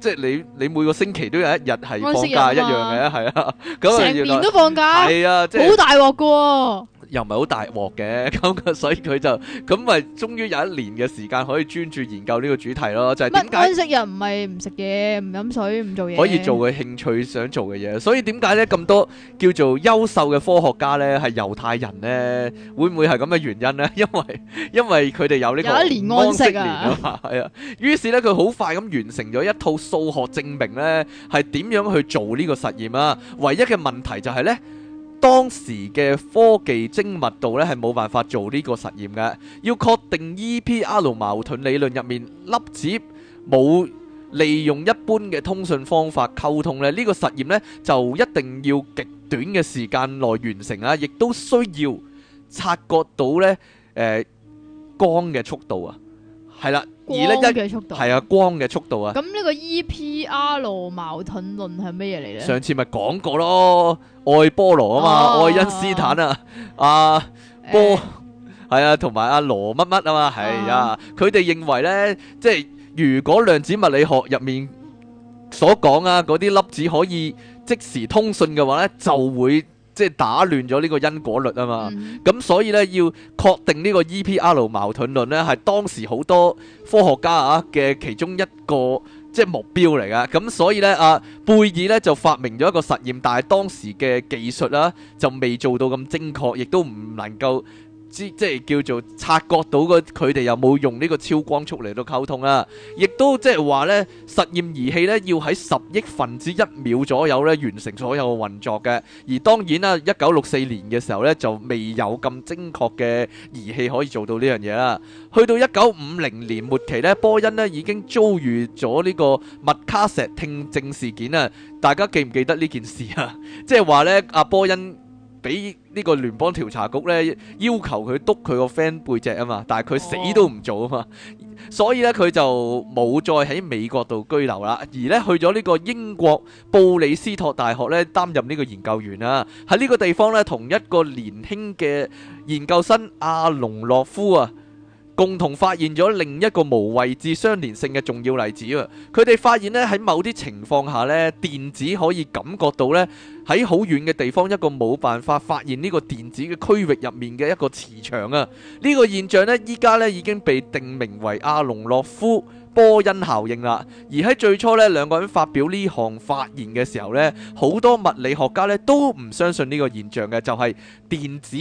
Speaker 2: 即係你你每個星期都有一日係放假一樣嘅，係啊，咁成年都放假，係、 就是、啊，好大鑊嘅。又唔係好大鑊嘅，咁嘅所以佢就咁咪，終於有一年嘅時間可以專注研究呢個主題咯，就係點解
Speaker 1: 安息日唔係唔食嘢、唔飲水、唔做嘢，可以做
Speaker 2: 佢興趣想做嘅嘢。所以點解呢咁多叫做優秀嘅科學家呢係猶太人呢，會唔會係咁嘅原因呢？因為因為佢哋有呢個安息年啊嘛，係啊。於是呢佢好快咁完成咗一套數學證明呢，係點樣去做呢個實驗啊。唯一嘅問題就係呢。當時嘅科技精密度咧，係冇辦法做呢個實驗嘅。要確定 EPR 矛盾理論入面粒子冇利用一般嘅通訊方法溝通咧，呢個實驗咧就一定要極短嘅時間內完成啊！亦都需要察覺到咧，誒光嘅速度啊！係啦，而呢一嘅速度，係啊光嘅速度啊。咁
Speaker 1: 呢個 E.P.R. 羅矛盾論係咩嘢嚟咧？上次
Speaker 2: 咪講過咯，愛波羅啊嘛，啊愛因斯坦啊，阿波係啊，同埋、欸啊、阿羅乜乜啊嘛，係啊。佢哋、啊、認為咧，即係如果量子物理學入面所講啊，嗰啲粒子可以即時通訊嘅話咧，就會。即係打亂咗呢個因果律啊嘛，咁所以呢，要確定呢個 EPR 矛盾論呢，係當時好多科學家啊嘅其中一個即係目標嚟㗎，咁所以呢，阿、啊、貝爾呢就發明咗一個實驗，但係當時嘅技術啦就未做到咁精確，亦都唔能夠。即即係叫做察覺到個佢哋有冇用呢個超光速嚟到溝通啦，亦都即係話咧實驗儀器咧要喺十億分之一秒左右咧完成所有嘅運作嘅。而當然啦，一九六四年嘅時候咧就未有咁精確嘅儀器可以做到呢樣嘢啦。去到一九五零年末期咧，波恩咧已經遭遇咗呢個麥卡錫聽證事件啊！大家記唔記得呢件事啊？即係話咧，阿波恩。俾呢個聯邦調查局咧要求佢篤佢個 friend 背脊啊嘛，但係佢死都唔做啊嘛，所以咧佢就冇再喺美國度居留啦，而呢，去咗呢個英國布里斯托大學咧擔任呢個研究員啊，喺呢個地方咧同一個年輕嘅研究生阿隆洛夫啊，共同發現咗另一個無位置相連性嘅重要例子啊！佢哋發現呢，喺某啲情況下呢，電子可以感覺到呢，喺好遠嘅地方一個冇辦法發現呢個電子嘅區域入面嘅一個磁場啊！呢個現象呢，依家呢已經被定名為阿隆諾夫波恩效應啦。而喺最初呢，兩個人發表呢項發現嘅時候呢，好多物理學家呢都唔相信呢個現象嘅，就係電子。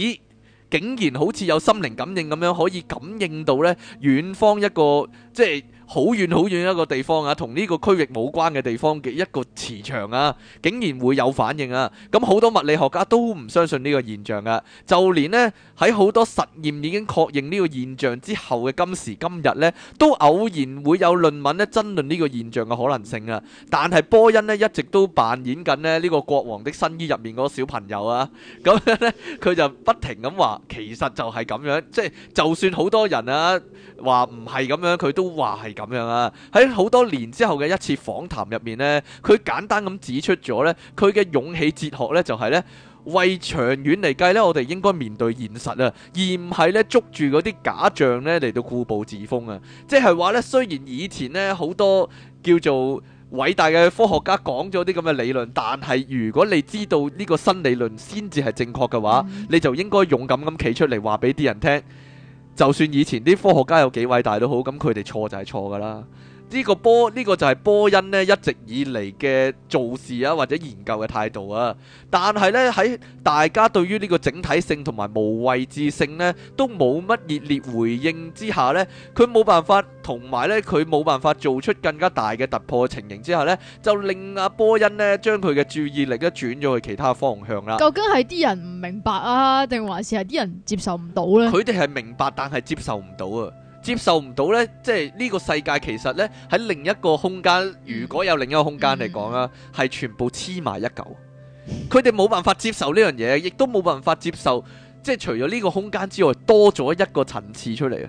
Speaker 2: 竟然好似有心靈感應咁樣，可以感應到呢遠方一個即係。好遠好遠一個地方啊，同呢個區域冇關嘅地方嘅一個磁場啊，竟然會有反應啊！咁好多物理學家都唔相信呢個現象噶，就連咧喺好多實驗已經確認呢個現象之後嘅今時今日咧，都偶然會有論文咧爭論呢個現象嘅可能性啊！但係波恩咧一直都扮演緊咧呢個國王的新衣入面嗰個小朋友啊，咁樣咧佢就不停咁話，其實就係咁樣，即係就算好多人啊話唔係咁樣，佢都話係咁。咁樣啊！喺好多年之後嘅一次訪談入面呢，佢簡單咁指出咗呢，佢嘅勇氣哲學呢，就係呢：「為長遠嚟計呢，我哋應該面對現實啊，而唔係呢捉住嗰啲假象呢嚟到固步自封啊！」即係話呢，雖然以前呢好多叫做偉大嘅科學家講咗啲咁嘅理論，但係如果你知道呢個新理論先至係正確嘅話，你就應該勇敢咁企出嚟話俾啲人聽。就算以前啲科學家有幾偉大都好，咁佢哋錯就係錯㗎啦。呢個波呢、這個就係波恩呢一直以嚟嘅做事啊或者研究嘅態度啊，但係呢，喺大家對於呢個整體性同埋無位置性呢，都冇乜熱烈回應之下呢，佢冇辦法同埋呢，佢冇辦法做出更加大嘅突破情形之下呢，就令阿波恩呢將佢嘅注意力都轉咗去其他方向啦。究
Speaker 1: 竟係啲人唔明白啊，定還是係啲人接受
Speaker 2: 唔到呢？佢哋係明白，但係接受唔到啊。接受唔到呢，即係呢個世界其實呢，喺另一個空間，如果有另一個空間嚟講啦，係、mm hmm. 全部黐埋一嚿，佢哋冇辦法接受呢樣嘢，亦都冇辦法接受，即係除咗呢個空間之外多咗一個層次出嚟啊，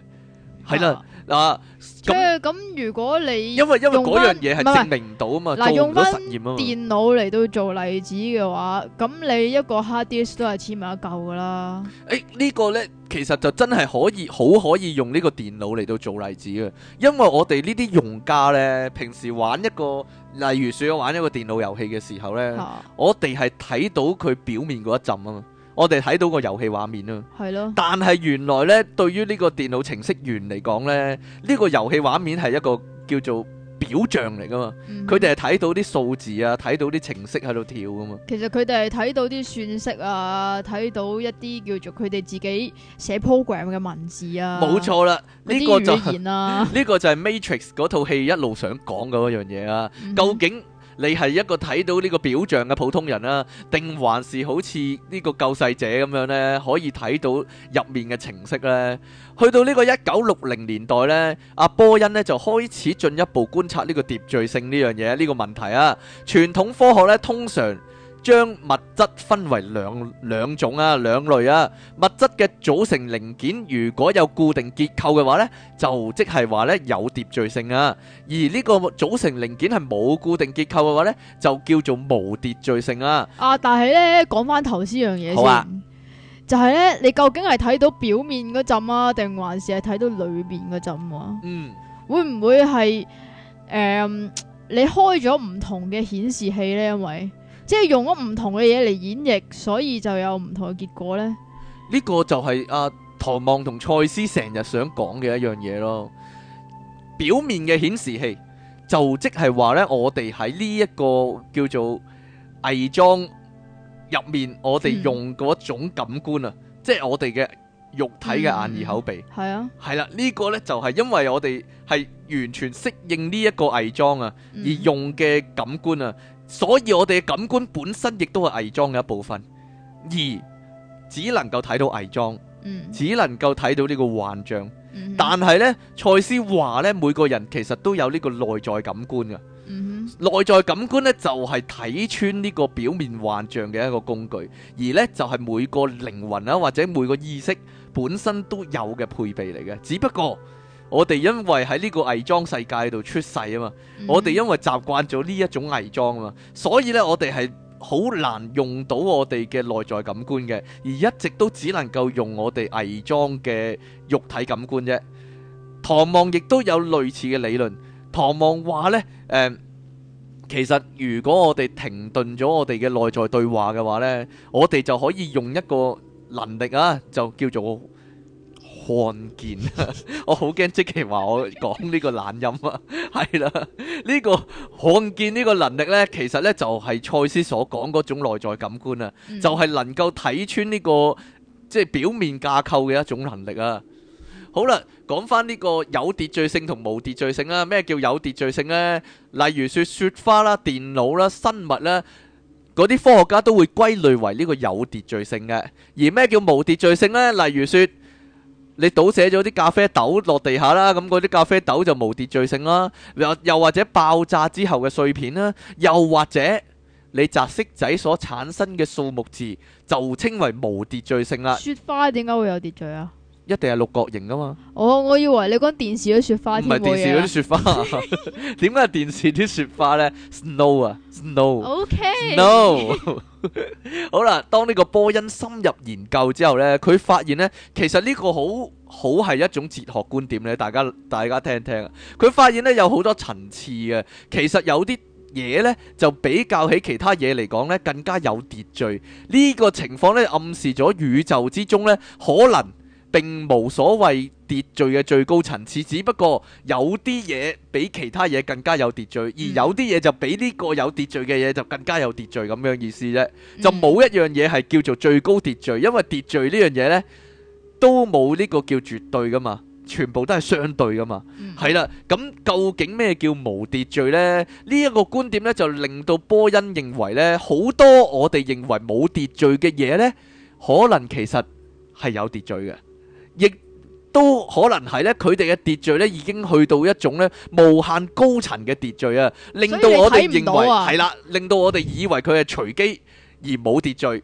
Speaker 2: 係啦。嗱，即係咁
Speaker 1: 如果你，因為因為嗰樣嘢係證明
Speaker 2: 唔到啊嘛，嗱唔係，做唔到實驗啊嘛。電
Speaker 1: 腦嚟到做例子嘅話，咁你一個 hard disk 都係千萬一嚿噶啦。誒、欸，這個、呢個咧
Speaker 2: 其實就真係可以好可以用呢個電腦嚟到做例子啊，因為我哋呢啲用家咧，平時玩一個，例如說玩一個電腦遊戲嘅時候咧，啊、我哋係睇到佢表面嗰一浸啊嘛。我哋睇到個遊戲畫面咯，係咯。但係原來咧，對於呢個電腦程式員嚟講咧，呢、呢個遊戲畫面係一個叫做表象嚟噶嘛。佢哋係睇到啲數字啊，睇到啲程式喺度跳噶嘛。
Speaker 1: 其實佢哋係睇到啲算式啊，睇到一啲叫做佢哋自己寫 program 嘅文字啊。冇錯啦，呢、啊、個就呢、是、
Speaker 2: 個就係 Matrix 嗰套戲一路想講嘅嗰樣嘢啊。嗯、哼究竟？你係一個睇到呢個表象嘅普通人啊，定還是好似呢個救世者咁樣呢？可以睇到入面嘅程式呢。去到呢個一九六零年代呢，阿波恩呢，就開始進一步觀察呢個秩序性呢樣嘢呢個問題啊。傳統科學呢，通常，將物質分為兩兩種啊、兩類啊。物質嘅組成零件如果有固定結構嘅話咧，就即係話咧，有秩序性啊。而呢個組成零件係冇固定結構嘅話咧，就叫做無秩序性啊。
Speaker 1: 啊，但係咧，講翻頭先樣嘢先，就係咧，你究竟係睇到表面嗰陣啊，定還是係睇到裏面嗰陣啊？嗯，會唔會係誒，你開咗唔同嘅顯示器咧？因為即係用咗唔同嘅嘢嚟演繹，所以就有唔同嘅結果呢。
Speaker 2: 呢個就係阿唐望同蔡思成日想講嘅一樣嘢咯。表面嘅顯示器就即係話呢，我哋喺呢一個叫做偽裝入面，我哋用嗰種感官啊，即係我哋嘅肉體嘅眼耳口鼻係啊，係啦。呢個呢就係因為我哋係完全適應呢一個偽裝啊，而用嘅感官啊。所以我哋嘅感官本身亦都係偽裝嘅一部分，而只能夠睇到偽裝，mm. 只能夠睇到呢個幻象。Mm hmm. 但係呢，蔡斯話呢，每個人其實都有呢個內在感官嘅，mm hmm. 內在感官呢，就係睇穿呢個表面幻象嘅一個工具，而呢，就係每個靈魂啊或者每個意識本身都有嘅配備嚟嘅，只不過，我哋因為喺呢個偽裝世界度出世啊嘛，mm hmm. 我哋因為習慣咗呢一種偽裝啊嘛，所以咧我哋係好難用到我哋嘅內在感官嘅，而一直都只能夠用我哋偽裝嘅肉體感官啫。唐望亦都有類似嘅理論，唐望話呢，誒、嗯，其實如果我哋停頓咗我哋嘅內在對話嘅話呢，我哋就可以用一個能力啊，就叫做。看見漢 我好驚即 i c 話我講呢個懶音啊，係 啦，呢、這個看見呢個能力呢，其實呢就係蔡司所講嗰種內在感官啊，嗯、就係能夠睇穿呢、這個即係表面架構嘅一種能力啊。好啦，講翻呢個有秩序性同冇秩序性啦。咩叫有秩序性呢？例如說雪花啦、電腦啦、生物啦，嗰啲科學家都會歸類為呢個有秩序性嘅。而咩叫冇秩序性呢？例如說。你倒瀉咗啲咖啡豆落地下啦，咁嗰啲咖啡豆就無秩序性啦。又又或者爆炸之後嘅碎片啦，又或者你擲色仔所產生嘅數目字就稱為無秩序性啦。雪
Speaker 1: 花點解會有秩序啊？
Speaker 2: 一定係六角形噶嘛？
Speaker 1: 哦，我以為你講電視嗰啲雪花添。唔係電視嗰啲雪
Speaker 2: 花，點解電視啲雪花咧？snow 啊
Speaker 1: ，snow，ok，snow，
Speaker 2: 好啦。當呢個波恩深入研究之後咧，佢發現咧，其實呢個好好係一種哲學觀點咧。大家大家聽聽，佢發現咧有好多層次嘅，其實有啲嘢咧就比較起其他嘢嚟講咧，更加有秩序。呢個情況咧暗示咗宇宙之中咧可能。並無所謂秩序嘅最高層次，只不過有啲嘢比其他嘢更加有秩序，而有啲嘢就比呢個有秩序嘅嘢就更加有秩序咁樣意思啫。就冇一樣嘢係叫做最高秩序，因為秩序呢樣嘢呢都冇呢個叫絕對㗎嘛，全部都係相對㗎嘛。係啦，咁究竟咩叫無秩序呢？呢一個觀點呢就令到波恩認為呢，好多我哋認為冇秩序嘅嘢呢，可能其實係有秩序嘅。亦都可能係咧，佢哋嘅秩序咧已經去到一種咧無限高層嘅秩序啊，令到我哋認為係啦，令到我哋以為佢係隨機而冇秩序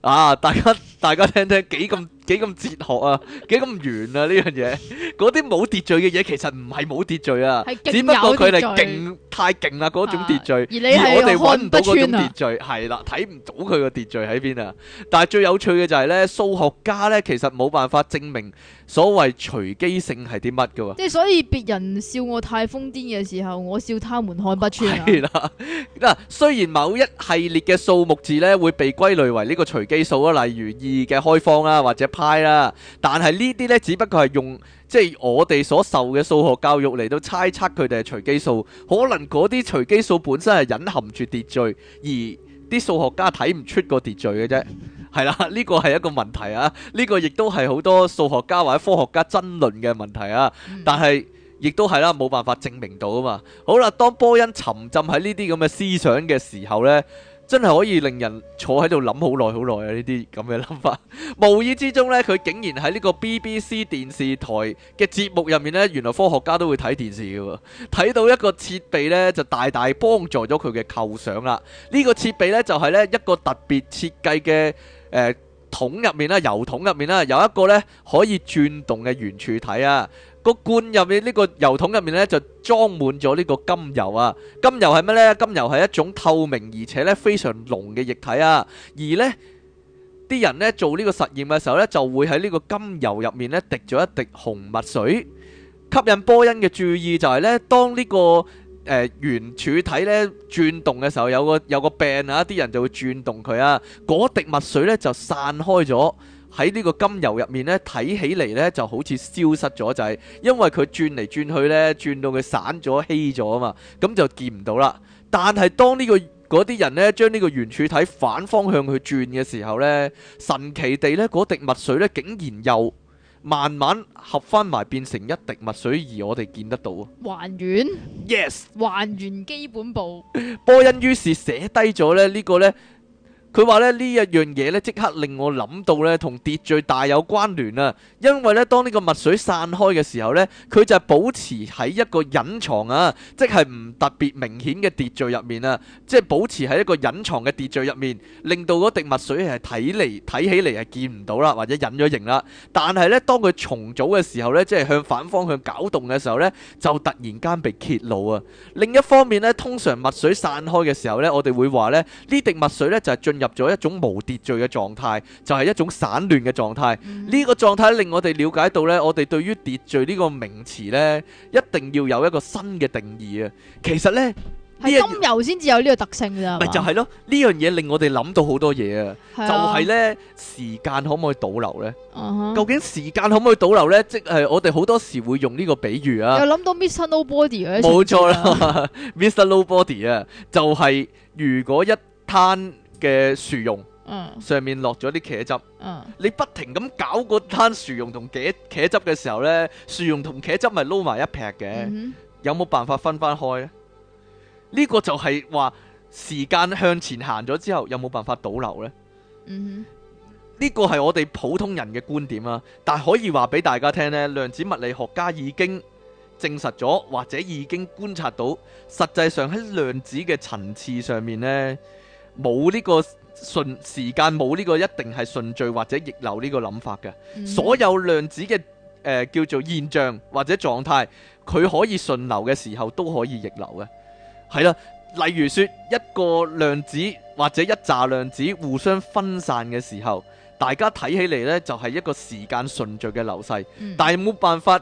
Speaker 2: 啊！大家大家聽聽幾咁～幾咁哲學啊，幾咁玄啊，呢樣嘢，嗰啲冇秩序嘅嘢其實唔係冇秩序啊，序只不過佢哋勁太勁啦，嗰種秩序，啊、而你、啊、而我哋揾唔到嗰種秩序，係啦，睇唔到佢個秩序喺邊啊。但係最有趣嘅就係、是、咧，數學家咧其實冇辦法證明所謂隨機性係啲乜噶喎。即係
Speaker 1: 所以別人笑我太瘋癲嘅時候，我笑他們看不穿、啊。係啦，
Speaker 2: 嗱，雖然某一系列嘅數目字咧會被歸類為呢個隨機數啊，例如二嘅開方啊，或者。係啦，但係呢啲呢，只不過係用即係、就是、我哋所受嘅數學教育嚟到猜測佢哋係隨機數，可能嗰啲隨機數本身係隱含住秩序，而啲數學家睇唔出個秩序嘅啫。係啦、 啊，呢個係一個問題啊，呢、這個亦都係好多數學家或者科學家爭論嘅問題啊。但係亦都係啦，冇辦法證明到啊嘛。好啦、啊，當波恩沉浸喺呢啲咁嘅思想嘅時候呢。真係可以令人坐喺度諗好耐好耐啊！呢啲咁嘅諗法， 無意之中呢，佢竟然喺呢個 BBC 電視台嘅節目入面呢。原來科學家都會睇電視嘅喎，睇到一個設備呢，就大大幫助咗佢嘅構想啦。呢、呢個設備呢，就係呢一個特別設計嘅誒、呃、桶入面啦，油桶入面啦，有一個呢可以轉動嘅圓柱體啊！個罐入面呢、這個油桶入面呢，就裝滿咗呢個甘油啊！甘油係乜呢？甘油係一種透明而且呢非常濃嘅液體啊！而呢啲人呢，做呢個實驗嘅時候呢，就會喺呢個甘油入面呢滴咗一滴紅墨水，吸引波恩嘅注意就係呢、這個，當呢個誒圓柱體呢轉動嘅時候有，有個有個柄啊，啲人就會轉動佢啊，嗰滴墨水呢，就散開咗。喺呢個甘油入面呢，睇起嚟呢就好似消失咗滯，因為佢轉嚟轉去呢，轉到佢散咗稀咗啊嘛，咁就見唔到啦。但係當呢、這個嗰啲人呢，將呢個圓柱體反方向去轉嘅時候呢，神奇地呢，嗰滴墨水呢竟然又慢慢合翻埋，變成一滴墨水而我哋見得到
Speaker 1: 啊！還原，yes，還原基本步。
Speaker 2: 波恩於是寫低咗咧呢、這個呢。佢話呢呢一樣嘢呢，即刻令我諗到呢同秩序大有關聯啊！因為呢，當呢個墨水散開嘅時候呢，佢就係保持喺一個隱藏啊，即係唔特別明顯嘅秩序入面啊，即係保持喺一個隱藏嘅秩序入面，令到嗰滴墨水係睇嚟睇起嚟係見唔到啦，或者隱咗形啦。但係呢，當佢重組嘅時候呢，即係向反方向搞動嘅時候呢，就突然間被揭露啊！另一方面呢，通常墨水散開嘅時候呢，我哋會話呢，呢滴墨水呢就係進入咗一種無秩序嘅狀態，就係、是、一種散亂嘅狀態。呢、嗯、個狀態令我哋了解到呢，我哋對於秩序呢個名詞呢，一定要有一個新嘅定義啊。其實呢，
Speaker 1: 係甘油先至有呢個特性嘅，咪就係
Speaker 2: 咯，呢樣嘢令我哋諗到好多嘢啊。就係呢，時間可唔可以倒流呢？Uh
Speaker 1: huh、究
Speaker 2: 竟時間可唔可以倒流呢？即係我哋好多時會用呢個比喻啊。又
Speaker 1: 諗到 Mr. Nobody 冇錯錯啦
Speaker 2: ，Mr. Nobody 啊，就係、是、如果一攤。嘅薯蓉，上面落咗啲茄汁。Uh, 你不停咁搞嗰攤薯蓉同茄茄汁嘅時候呢，薯蓉同茄汁咪撈埋一劈嘅。Mm hmm. 有冇辦法分翻開咧？呢、這個就係話時間向前行咗之後，有冇辦法倒流呢？呢個係我哋普通人嘅觀點啊。但可以話俾大家聽呢，量子物理學家已經證實咗，或者已經觀察到，實際上喺量子嘅層次上面呢。冇呢個順時間冇呢個一定係順序或者逆流呢個諗法嘅，Mm hmm. 所有量子嘅誒、呃、叫做現象或者狀態，佢可以順流嘅時候都可以逆流嘅，係啦。例如說一個量子或者一紮量子互相分散嘅時候，大家睇起嚟呢就係、是、一個時間順序嘅流逝。Mm hmm. 但係冇辦法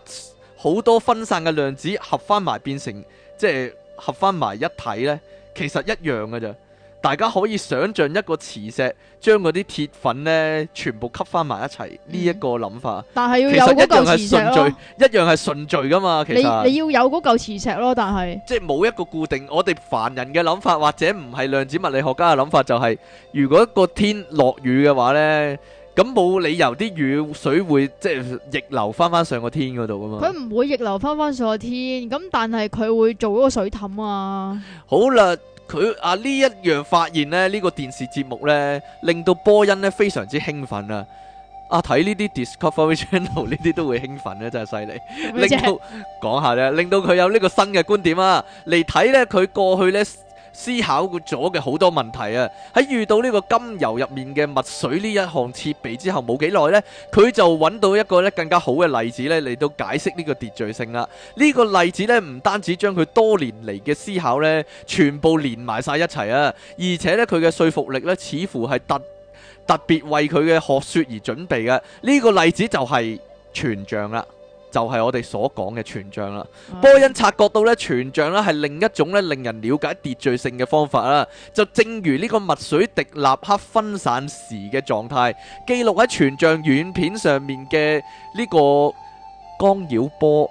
Speaker 2: 好多分散嘅量子合翻埋變成即係、就是、合翻埋一體呢，其實一樣㗎咋。大家可以想象一個磁石，將嗰啲鐵粉呢全部吸翻埋一齊呢一個諗法。但係要有嗰嚿磁石咯。其實一樣係順序，一樣係順序噶嘛。其實你，你要
Speaker 1: 有嗰嚿磁石咯，但係
Speaker 2: 即係冇一個固定。我哋凡人嘅諗法，或者唔係量子物理學家嘅諗法，就是，就係如果個天落雨嘅話呢，咁冇理由啲雨水會即係逆流翻翻上個天嗰度噶嘛？佢
Speaker 1: 唔會逆流翻翻上個天，咁但係佢會做嗰個水凼啊。
Speaker 2: 好啦。佢啊呢一樣發現咧，呢、這個電視節目呢，令到波音咧非常之興奮啊！啊，睇呢啲 Discovery Channel 呢啲都會興奮咧、啊，真係犀利。令到講 下呢，令到佢有呢個新嘅觀點啊，嚟睇呢，佢過去呢。思考過咗嘅好多問題啊！喺遇到呢個甘油入面嘅墨水呢一項設備之後冇幾耐呢，佢就揾到一個呢更加好嘅例子呢嚟到解釋呢個秩序性啦。呢個例子呢，唔單止將佢多年嚟嘅思考呢全部連埋晒一齊啊，而且呢，佢嘅說服力呢似乎係特特別為佢嘅學説而準備嘅。呢個例子就係全像啦。就係我哋所講嘅全像啦。波音察覺到咧，全像咧係另一種咧令人了解秩序性嘅方法啦。就正如呢個墨水滴立刻分散時嘅狀態，記錄喺全像軟片上面嘅呢、這個干擾波。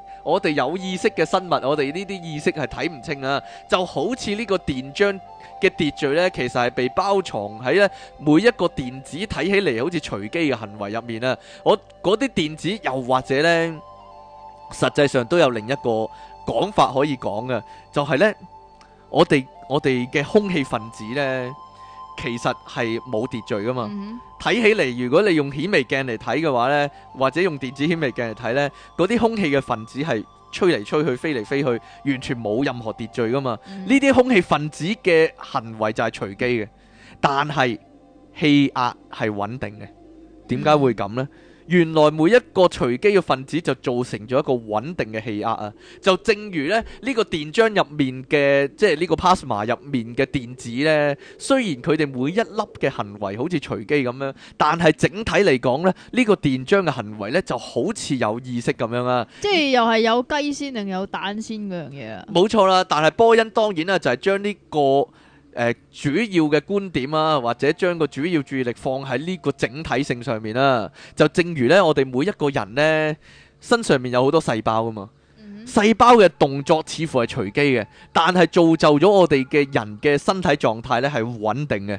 Speaker 2: 我哋有意識嘅生物，我哋呢啲意識係睇唔清啊！就好似呢個電漿嘅秩序呢，其實係被包藏喺呢每一個電子睇起嚟好似隨機嘅行為入面啊！我嗰啲電子又或者呢，實際上都有另一個講法可以講嘅，就係呢，我哋我哋嘅空氣分子呢，其實係冇秩序噶嘛。嗯睇起嚟，如果你用顯微鏡嚟睇嘅話呢，或者用電子顯微鏡嚟睇呢，嗰啲空氣嘅分子係吹嚟吹去、飛嚟飛去，完全冇任何秩序噶嘛。呢啲、嗯、空氣分子嘅行為就係隨機嘅，但係氣壓係穩定嘅。點解會咁呢？嗯原來每一個隨機嘅分子就造成咗一個穩定嘅氣壓啊！就正如咧呢、這個電漿入面嘅，即係呢個 pass 馬入面嘅電子呢，雖然佢哋每一粒嘅行為好似隨機咁樣，但係整體嚟講呢，呢、這個電漿嘅行為呢就好似有意識咁樣啊。
Speaker 1: 即係又係有雞先定有蛋先嗰樣嘢啊！冇
Speaker 2: 錯啦，但係波音當然啦，就係將呢個，誒、呃、主要嘅觀點啊，或者將個主要注意力放喺呢個整體性上面啦、啊，就正如咧，我哋每一個人咧身上面有好多細胞啊嘛。細胞嘅動作似乎係隨機嘅，但係造就咗我哋嘅人嘅身體狀態咧係穩定嘅。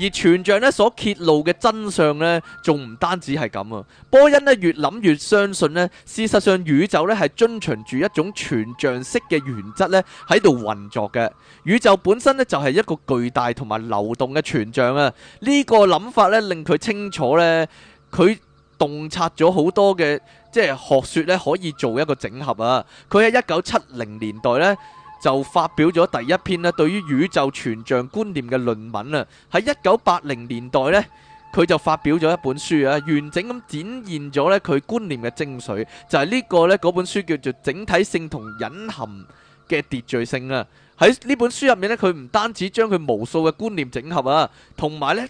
Speaker 2: 而全像咧所揭露嘅真相呢，仲唔單止係咁啊！波恩咧越諗越相信呢，事實上宇宙呢係遵循住一種全像式嘅原則呢喺度運作嘅。宇宙本身呢，就係一個巨大同埋流動嘅全像啊！呢個諗法呢，令佢清楚呢，佢洞察咗好多嘅。即係學説咧，可以做一個整合啊！佢喺一九七零年代咧就發表咗第一篇咧，對於宇宙全像觀念嘅論文啊！喺一九八零年代咧，佢就發表咗一本書啊，完整咁展現咗咧佢觀念嘅精髓，就係呢個咧嗰本書叫做《整體性同隱含嘅秩序性》啊！喺呢本書入面咧，佢唔單止將佢無數嘅觀念整合啊，同埋咧。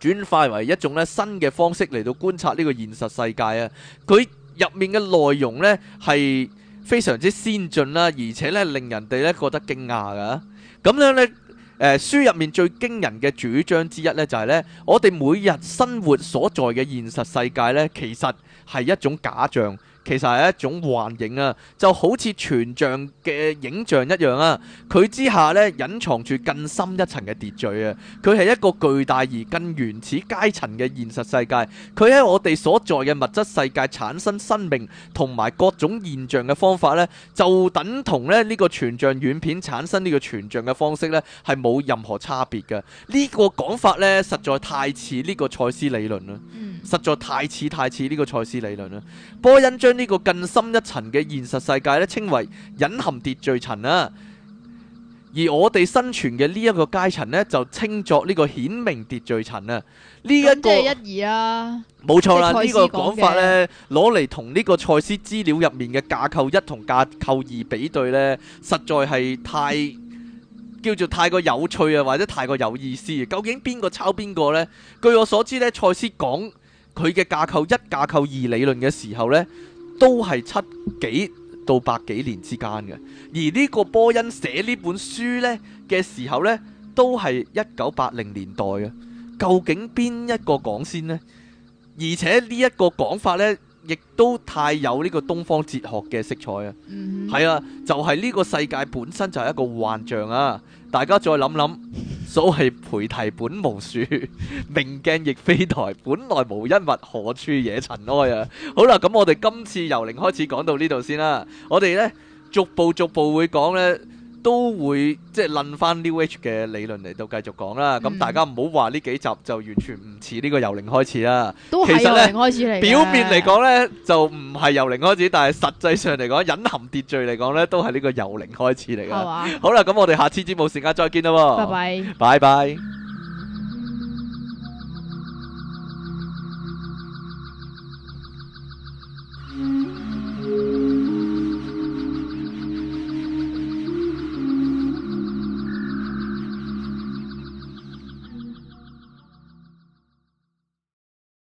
Speaker 2: 轉化為一種咧新嘅方式嚟到觀察呢個現實世界啊！佢入面嘅內容呢係非常之先進啦，而且呢令人哋呢覺得驚訝㗎。咁樣呢，誒書入面最驚人嘅主張之一呢就係呢，我哋每日生活所在嘅現實世界呢，其實係一種假象。其實係一種幻影啊，就好似全像嘅影像一樣啊。佢之下呢，隱藏住更深一層嘅秩序啊。佢係一個巨大而更原始階層嘅現實世界。佢喺我哋所在嘅物質世界產生生，生命同埋各種現象嘅方法呢，就等同咧呢個全像軟片產生呢個全像嘅方式呢，係冇任何差別嘅。呢、這個講法呢，實在太似呢個賽斯理論啦。嗯實在太似太似呢個賽斯理論啦！波恩將呢個更深一層嘅現實世界咧稱為隱含秩序層啦，而我哋生存嘅呢個層，啊，一個階層呢就稱作呢個顯明秩序層啊！呢一個一二
Speaker 1: 啊！冇錯啦，呢個講法，呢
Speaker 2: 攞嚟同呢個賽斯資料入面嘅架構一同架構二比對呢，實在係太叫做太過有趣啊，或者太過有意思。究竟邊個抄邊個呢？據我所知呢賽斯講。.佢嘅架構一架構二理論嘅時候呢，都係七幾到百幾年之間嘅。而呢個波恩寫呢本書呢嘅時候呢，都係一九八零年代嘅。究竟邊一個講先呢？而且呢一個講法呢，亦都太有呢個東方哲學嘅色彩啊！係、mm hmm. 啊，就係、係、呢個世界本身就係一個幻象啊！大家再諗諗。所謂菩提本無樹，明鏡亦非台，本來無一物，何處惹塵埃啊！好啦，咁我哋今次由零開始講到呢度先啦，我哋呢，逐步逐步會講呢。都會即係拎翻 New Age 嘅理論嚟到繼續講啦。咁、嗯、大家唔好話呢幾集就完全唔似呢個由零開始啦。其實呢，表面嚟講呢就唔係由零開始，但係實際上嚟講，隱含秩序嚟講呢都係呢個由零開始嚟嘅。吧好啦，咁我哋下次節目時間再見啦。拜拜。拜拜。